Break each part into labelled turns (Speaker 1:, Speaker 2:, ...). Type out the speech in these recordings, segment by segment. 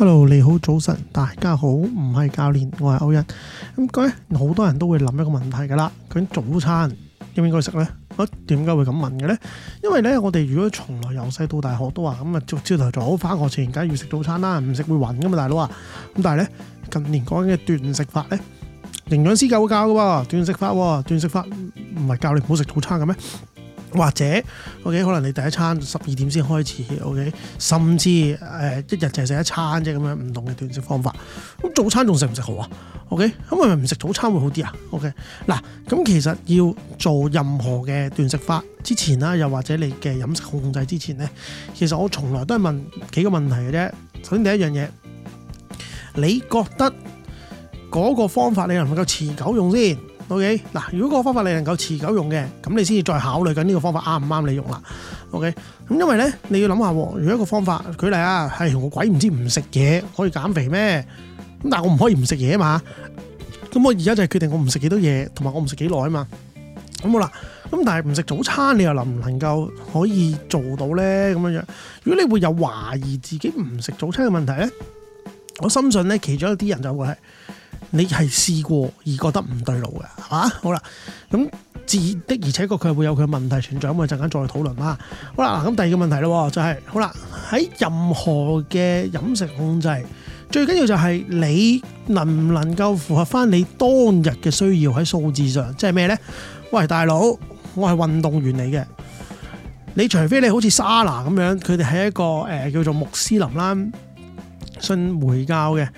Speaker 1: hello，你好早晨，大家好，唔係教練，我係 Owen 咁。各位好多人都會諗一個問題噶啦，究竟早餐應唔應該食咧？我點解會咁問嘅咧？因為咧，我哋如果從來由細到大學都話咁啊，早朝頭早翻學前梗係要食早餐啦，唔食會暈噶嘛，大佬啊。咁但係咧，近年講緊嘅斷食法咧，營養師教會教噶喎，斷食法，斷食法唔係教你唔好食早餐嘅咩？或者 OK，可能你第一餐十二點先開始 OK，甚至、呃、一日淨係食一餐啫咁樣，唔同嘅斷食方法。咁早餐仲食唔食好啊？OK，咁係咪唔食早餐會好啲啊？OK，嗱，咁其實要做任何嘅斷食法之前啦，又或者你嘅飲食控制之前呢，其實我從來都係問幾個問題嘅啫。首先第一樣嘢，你覺得嗰個方法你能夠持久用先？O K，嗱，如果個方法你能夠持久用嘅，咁你先至再考慮緊呢個方法啱唔啱你用啦。O K，咁因為咧，你要諗下，如果一個方法舉例啊，係我鬼唔知唔食嘢可以減肥咩？咁但係我唔可以唔食嘢啊嘛，咁我而家就係決定我唔食幾多嘢，同埋我唔食幾耐啊嘛。咁好啦，咁但係唔食早餐，你又能唔能夠可以做到咧？咁樣樣，如果你會有懷疑自己唔食早餐嘅問題咧，我深信咧，其中一啲人就會係。你係試過而覺得唔對路嘅，係、啊、嘛？好啦，咁自的而且確佢會有佢問題存在，咁我陣間再討論啦。好啦，咁第二個問題咯，就係、是、好啦。喺任何嘅飲食控制，最緊要就係你能唔能夠符合翻你當日嘅需要喺數字上，即係咩呢？喂，大佬，我係運動員嚟嘅，你除非你好似沙拿咁樣，佢哋係一個誒、呃、叫做穆斯林啦，信回教嘅。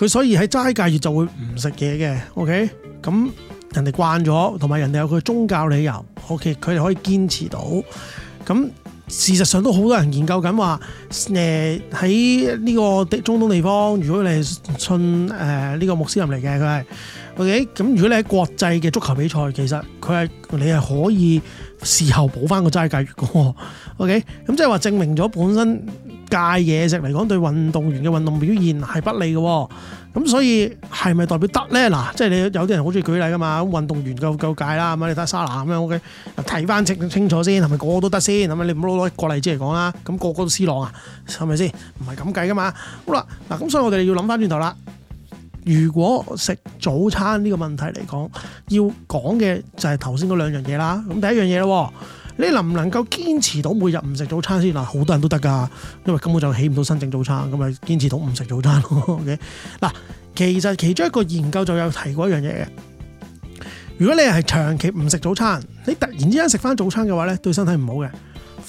Speaker 1: 佢所以喺齋戒月就會唔食嘢嘅，OK？咁人哋慣咗，同埋人哋有佢宗教理由，OK？佢哋可以堅持到。咁事實上都好多人研究緊話，喺、呃、呢個中東地方，如果你係信呢、呃呢個穆斯林嚟嘅，佢係。O K，咁如果你喺國際嘅足球比賽，其實佢係你係可以事後補翻個齋戒月嘅。O K，咁即係話證明咗本身戒嘢食嚟講對運動員嘅運動表現係不利嘅。咁所以係咪代表得咧？嗱、嗯，即係你有啲人好中意舉例嘅嘛，運動員夠夠戒啦，咁你睇下沙拿咁樣，O K，睇翻清清楚先，係咪個個都得先？係咪？你唔好攞攞一個例子嚟講啦，咁、那個個都斯朗啊，係咪先？唔係咁計嘅嘛。好啦，嗱咁，所以我哋要諗翻轉頭啦。如果食早餐呢個問題嚟講，要講嘅就係頭先嗰兩樣嘢啦。咁第一樣嘢咯，你能唔能夠堅持到每日唔食早餐先嗱？好多人都得㗎，因為根本就起唔到身整早餐，咁咪堅持到唔食早餐咯。OK，嗱，其實其中一個研究就有提過一樣嘢嘅，如果你係長期唔食早餐，你突然之間食返早餐嘅話咧，對身體唔好嘅。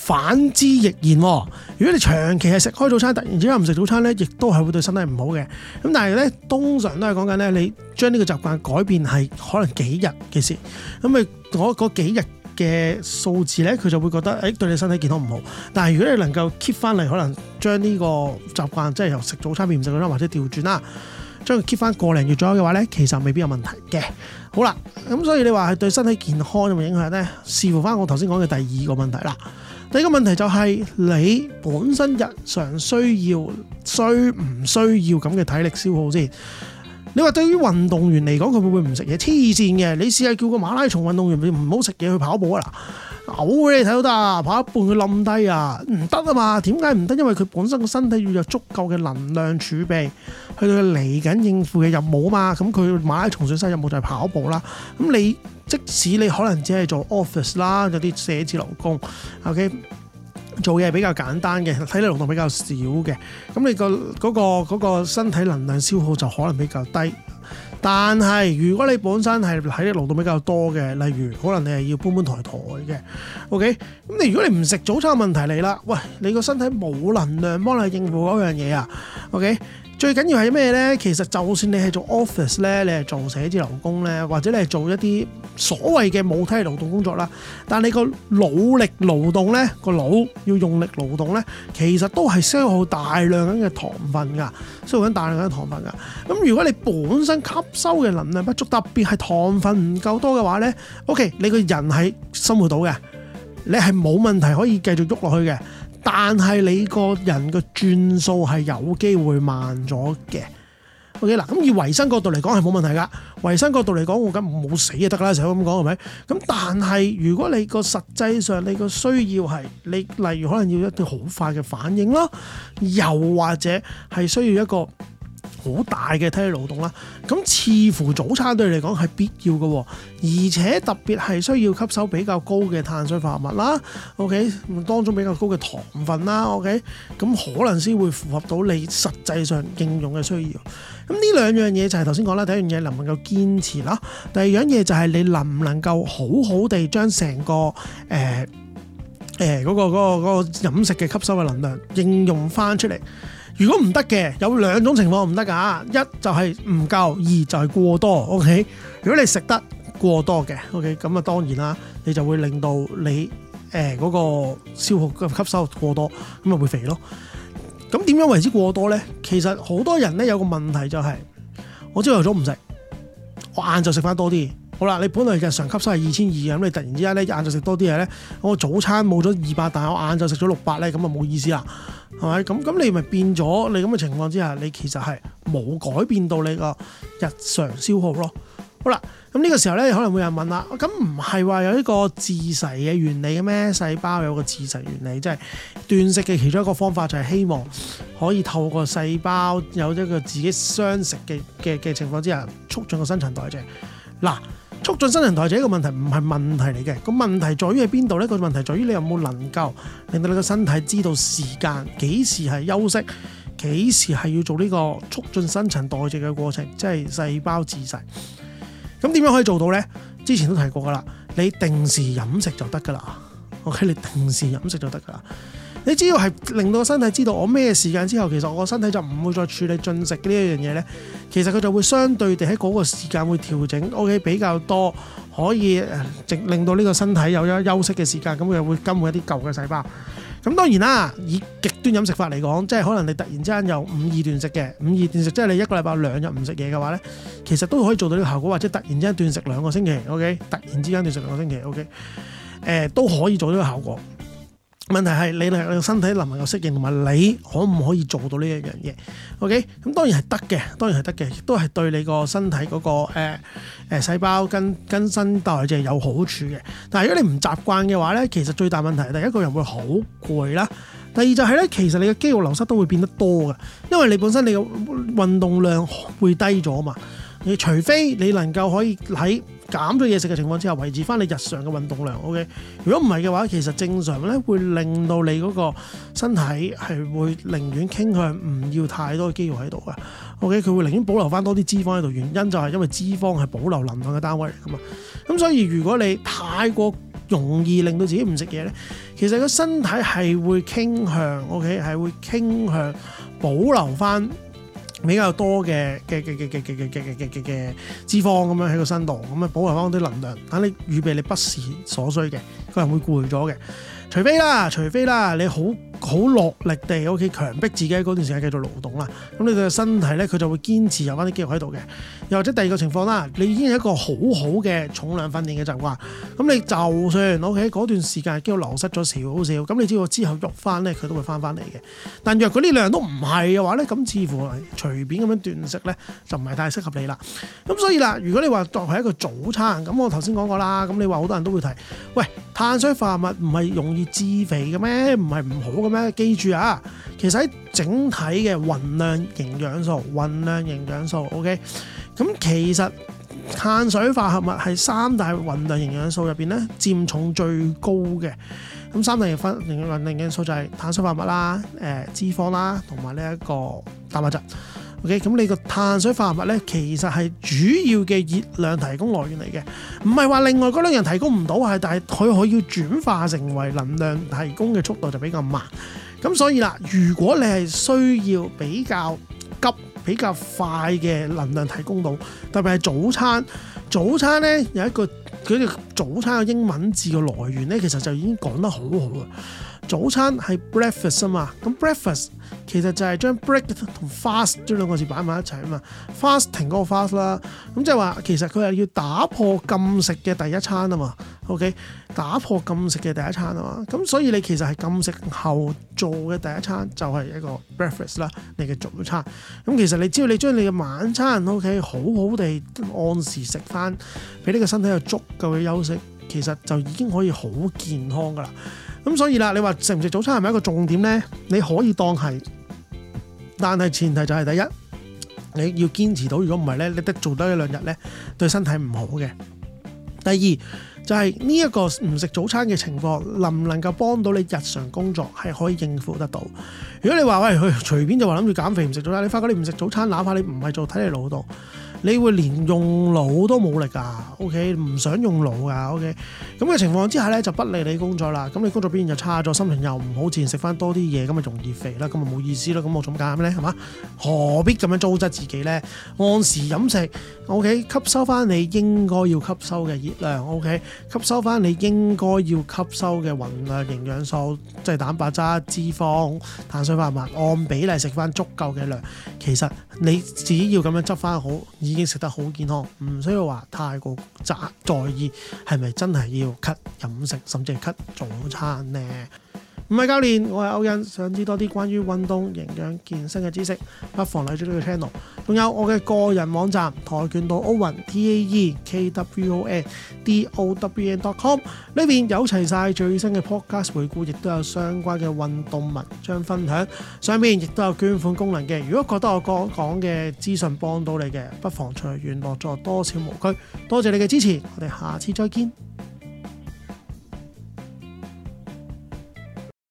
Speaker 1: 反之亦然。如果你長期係食開早餐，突然之間唔食早餐咧，亦都係會對身體唔好嘅。咁但係咧，通常都係講緊咧，你將呢個習慣改變係可能幾日嘅事。咁啊，嗰幾日嘅數字咧，佢就會覺得誒對你身體健康唔好。但係如果你能夠 keep 翻嚟，可能將呢個習慣即係由食早餐變唔食早餐，或者調轉啦，將佢 keep 翻個零月左右嘅話咧，其實未必有問題嘅。好啦，咁所以你話係對身體健康有冇影響咧？視乎翻我頭先講嘅第二個問題啦。第一個問題就係、是、你本身日常需要需唔需要咁嘅體力消耗先？你話對於運動員嚟講，佢會唔會唔食嘢？黐線嘅！你試下叫個馬拉松運動員唔好食嘢去跑步啊！啦嘔嘅你睇到得啊，跑一半佢冧低啊，唔得啊嘛？點解唔得？因為佢本身個身體要有足夠嘅能量儲備去到嚟緊應付嘅任務嘛。咁佢馬拉松最細任務就係跑步啦。咁你？即使你可能只係做 office 啦，有啲寫字樓工，OK，做嘢比較簡單嘅，體力勞動比較少嘅，咁你個嗰個嗰個身體能量消耗就可能比較低。但係如果你本身係體力勞動比較多嘅，例如可能你係要搬搬抬抬嘅，OK，咁你如果你唔食早餐，問題嚟啦。喂，你個身體冇能量幫你應付嗰樣嘢啊，OK。最緊要係咩呢？其實就算你係做 office 咧，你係做寫字樓工咧，或者你係做一啲所謂嘅無體勞動工作啦，但你個腦力勞動呢，個腦要用力勞動呢，其實都係消耗大量緊嘅糖分㗎，消耗緊大量嘅糖分㗎。咁如果你本身吸收嘅能量不足，特別係糖分唔夠多嘅話呢，OK，你個人係生活到嘅，你係冇問題可以繼續喐落去嘅。但係你個人嘅轉數係有機會慢咗嘅，OK 嗱。咁以維生角度嚟講係冇問題噶，維生角度嚟講我咁唔好死就得啦，成日咁講係咪？咁但係如果你個實際上你個需要係你，例如可能要一啲好快嘅反應囉，又或者係需要一個。好大嘅體力勞動啦，咁似乎早餐對你嚟講係必要嘅，而且特別係需要吸收比較高嘅碳水化合物啦。OK，當中比較高嘅糖分啦。OK，咁可能先會符合到你實際上應用嘅需要。咁呢兩樣嘢就係頭先講啦，第一樣嘢能唔能夠堅持啦，第二樣嘢就係你能唔能夠好好地將成個嗰、呃呃嗰個嗰個嗰個飲食嘅吸收嘅能量應用翻出嚟。如果唔得嘅，有兩種情況唔得噶，一就係唔夠，二就係過多。OK，如果你食得過多嘅，OK，咁啊當然啦，你就會令到你誒嗰個消化吸收過多，咁咪會肥咯。咁點樣為之過多呢？其實好多人呢，有個問題就係，我朝頭早唔食，我晏晝食返多啲。好啦，你本來日常吸收係二千二嘅，咁你突然之間呢晏晝食多啲嘢呢，我早餐冇咗二百，但係我晏晝食咗六百呢，咁啊冇意思啦。係咪咁咁？你咪變咗你咁嘅情況之下，你其實係冇改變到你個日常消耗咯。好啦，咁呢個時候咧，你可能會有人問啦，咁唔係話有一個自噬嘅原理嘅咩？細胞有個自噬原理，即係斷食嘅其中一個方法，就係希望可以透過細胞有一個自己相食嘅嘅嘅情況之下，促進個新陳代謝嗱。促進新陳代謝呢個問題唔係問題嚟嘅，個問題在於喺邊度呢？個問題在於你有冇能夠令到你個身體知道時間幾時係休息，幾時係要做呢個促進新陳代謝嘅過程，即係細胞自噬。咁點樣可以做到呢？之前都提過噶啦，你定時飲食就得噶啦。OK，你定時飲食就得噶啦。你只要係令到身體知道我咩時間之後，其實我身體就唔會再處理進食呢一樣嘢呢。其實佢就會相對地喺嗰個時間會調整。O.K. 比較多可以令到呢個身體有咗休息嘅時間，咁佢又會更換一啲舊嘅細胞。咁當然啦，以極端飲食法嚟講，即係可能你突然之間有五二斷食嘅，五二斷食即係你一個禮拜兩日唔食嘢嘅話呢，其實都可以做到呢個效果，或者突然之間斷食兩個星期，O.K. 突然之間斷食兩個星期，O.K.、呃、都可以做到個效果。問題係你個身體能唔能夠適應，同埋你可唔可以做到呢一樣嘢？OK，咁當然係得嘅，當然係得嘅，亦都係對你個身體嗰、那個誒誒、呃呃、細胞跟更新代謝就有好處嘅。但係如果你唔習慣嘅話咧，其實最大問題第一個人會好攰啦，第二就係、是、咧，其實你嘅肌肉流失都會變得多㗎，因為你本身你嘅運動量會低咗啊嘛。你除非你能夠可以喺減咗嘢食嘅情況之下，維持翻你日常嘅運動量，OK。如果唔係嘅話，其實正常咧會令到你嗰個身體係會寧願傾向唔要太多肌肉喺度噶，OK。佢會寧願保留翻多啲脂肪喺度，原因就係因為脂肪係保留能量嘅單位嚟噶嘛。咁所以如果你太過容易令到自己唔食嘢咧，其實個身體係會傾向，OK，係會傾向保留翻。比較多嘅嘅嘅嘅嘅嘅嘅嘅嘅嘅嘅脂肪咁樣喺個身度，咁啊保留翻啲能量，等你預備你不時所需嘅，佢係會攰咗嘅，除非啦，除非啦，你好。好落力地 O.K. 強迫自己喺嗰段時間繼續勞動啦，咁你嘅身體咧佢就會堅持有翻啲肌肉喺度嘅。又或者第二個情況啦，你已經係一個好好嘅重量訓練嘅習慣，咁你就算 O.K. 嗰段時間肌肉流失咗少少，咁你知道之後喐翻咧佢都會翻翻嚟嘅。但若果呢兩樣都唔係嘅話咧，咁似乎隨便咁樣斷食咧就唔係太適合你啦。咁所以啦，如果你話作為一個早餐，咁我頭先講過啦，咁你話好多人都會提，喂碳水化合物唔係容易致肥嘅咩？唔係唔好嘅。咩？記住啊！其實喺整體嘅宏量營養素，宏量營養素，OK。咁其實碳水化合物係三大宏量營養素入邊咧，佔重最高嘅。咁三大營分營養營養素就係碳水化合物啦、誒、呃、脂肪啦，同埋呢一個蛋白質。O.K. 咁你個碳水化合物咧，其實係主要嘅熱量提供來源嚟嘅，唔係話另外嗰兩樣提供唔到係，但係佢可以轉化成為能量提供嘅速度就比較慢。咁所以啦，如果你係需要比較急、比較快嘅能量提供到，特別係早餐，早餐咧有一個佢早餐嘅英文字嘅來源咧，其實就已經講得好好啦。早餐係 breakfast 啊嘛，咁 breakfast 其實就係將 break 同 fast 將兩個字擺埋一齊啊嘛，fasting 嗰個 fast 啦，咁即係話其實佢係要打破禁食嘅第一餐啊嘛，OK，打破禁食嘅第一餐啊嘛，咁所以你其實係禁食後做嘅第一餐就係一個 breakfast 啦，你嘅早餐。咁其實你只要你將你嘅晚餐 OK 好好地按時食翻，俾呢個身體有足夠嘅休息，其實就已經可以好健康噶啦。咁所以啦，你話食唔食早餐係咪一個重點呢？你可以當係，但係前提就係第一，你要堅持到。如果唔係呢，你得做多一兩日呢，對身體唔好嘅。第二就係呢一個唔食早餐嘅情況，能唔能夠幫到你日常工作係可以應付得到？如果你話喂，佢隨便就話諗住減肥唔食早餐，你發覺你唔食早餐，哪怕你唔係做體力勞動。你會連用腦都冇力㗎，OK？唔想用腦㗎，OK？咁嘅情況之下呢，就不利你工作啦。咁你工作表現就差咗，心情又唔好，自然食翻多啲嘢，咁咪容易肥啦。咁咪冇意思啦。咁我做咩呢？係嘛？何必咁樣糟質自己呢？按時飲食，OK？吸收翻你應該要吸收嘅熱量，OK？吸收翻你應該要吸收嘅宏量營養素，即係蛋白質、脂肪、碳水化合物，按比例食翻足夠嘅量。其實你只要咁樣執翻好。已經食得好健康，唔需要話太過責在意係咪真係要 cut 飲食，甚至係 cut 早餐呢？唔係教練，我係歐文，想知多啲關於運動、營養、健身嘅知識，不妨嚟住呢個 channel。仲有我嘅個人網站跆拳道歐文 taekwondowen.com，呢邊有齊晒最新嘅 podcast 回顧，亦都有相關嘅運動文章分享。上面亦都有捐款功能嘅。如果覺得我講講嘅資訊幫到你嘅，不妨隨緣樂助，多少無拘。多謝你嘅支持，我哋下次再見。